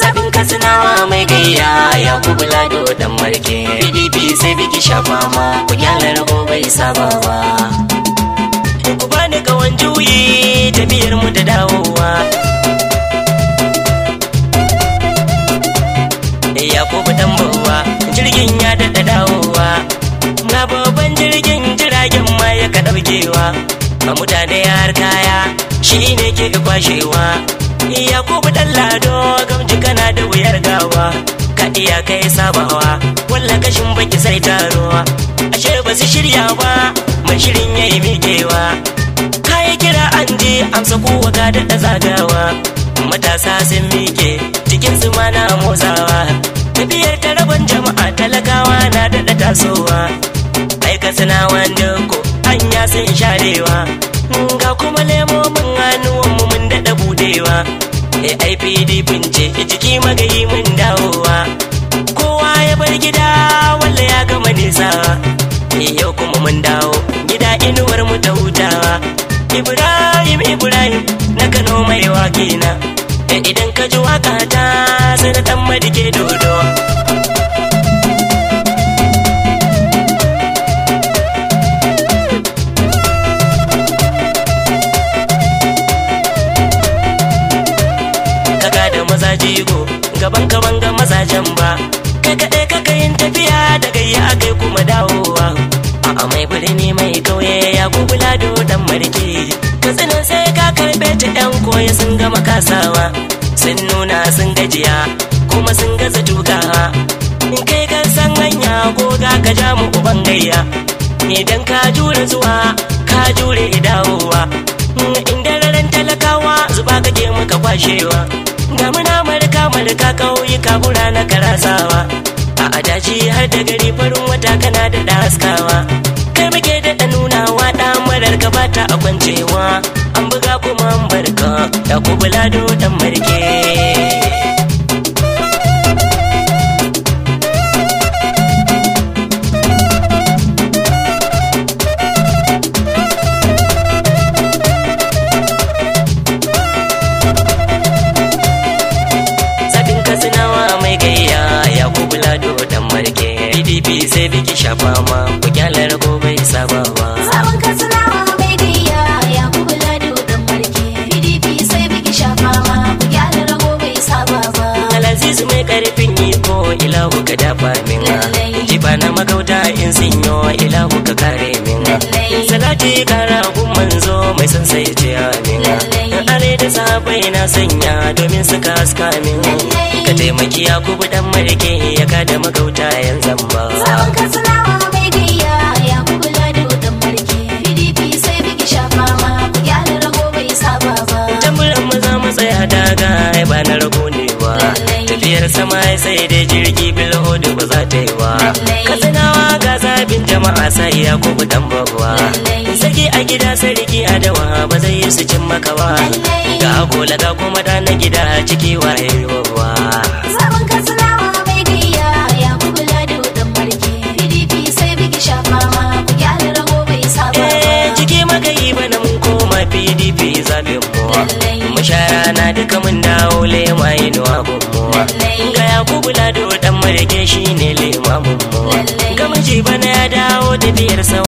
zaɓin katsinawa mai gayya ya kubula da wadan marke pdp sai biki shafa ma ku gyara rago bai saba ba ku bani gawan juyi tafiyar mu da dawowa ya ku dan bawa jirgin ya daɗa dawowa na babban jirgin jiragen ma ya ka ɗaukewa mutane har kaya shi ne ke kwashewa yakubu ɗan lado gamji kana da wuyar gawa ka iya kai sabawa walla kashin baki sai taruwa ashe ba su shirya ba mai shirin ya yi miƙewa kayi kira an je amsa kowa ka da zagawa matasa sun miƙe cikin su mana motsawa tafiyar ta rabon jama'a talakawa na daɗa tasowa aika suna wanda ko hanya sun sharewa ga kuma lemomin hannuwanmu mun daɗa budewa ne ai pdp jiki magayi mun dawowa kowa ya bar gida walla ya gama nisawa yau kuma mun dawo gida inuwar mu ta hutawa ibrahim ibrahim na kano mai wakina idan ka ji waka ta dan madike dodo maza jigo gaban ka banga mazajen ba kai kaɗai kaka yin tafiya da gayya akai kuma dawowa a'a mai birni mai kauye ya gugula do dan marke katsinan sai ka karɓe ta yan koya sun gama kasawa sun nuna sun gajiya kuma sun gaza tukawa in kai kan san hanya ga ka ja mu uban gayya idan ka jure zuwa ka jure dawowa in ran talakawa zuba kake muka kwashewa ga muna malka marka ƙauyuka bura na karasawa a adaji har da gari farin wata kana da daskawa kai muke da nunawa ɗa marar gabata a kwancewa an buga kuma barka ya kubula dan marke bi sai biki shafa ma ku kyalar gobe saba ma sabon ya da marke pdp biki shafa ma ku mai karfin iko ilahu ka dafa min jiba na magauta in sinyo ilahu ka kare min salati kara gun manzo mai san sai ce amin are da sabai na sanya domin suka haska min ka taimaki ya kubu dan marike ya kada magauta yan zamba ka ya sai ma saba maza matsaya daga na rago ne ba tafiyar sama sai dai jirgi bil ba za ta yi ba katsinawa ga zabin jama'a sai ya dan sarki a gida sarki a dawa ba zai yi su cin makawa ga agola ga kuma dana gida gida ciki wa ruwa rana duka mun dawo lema inuwa gummuwa ga kubula lado dan marike shine lema mummuwa ga miji bana ya dawo da biyar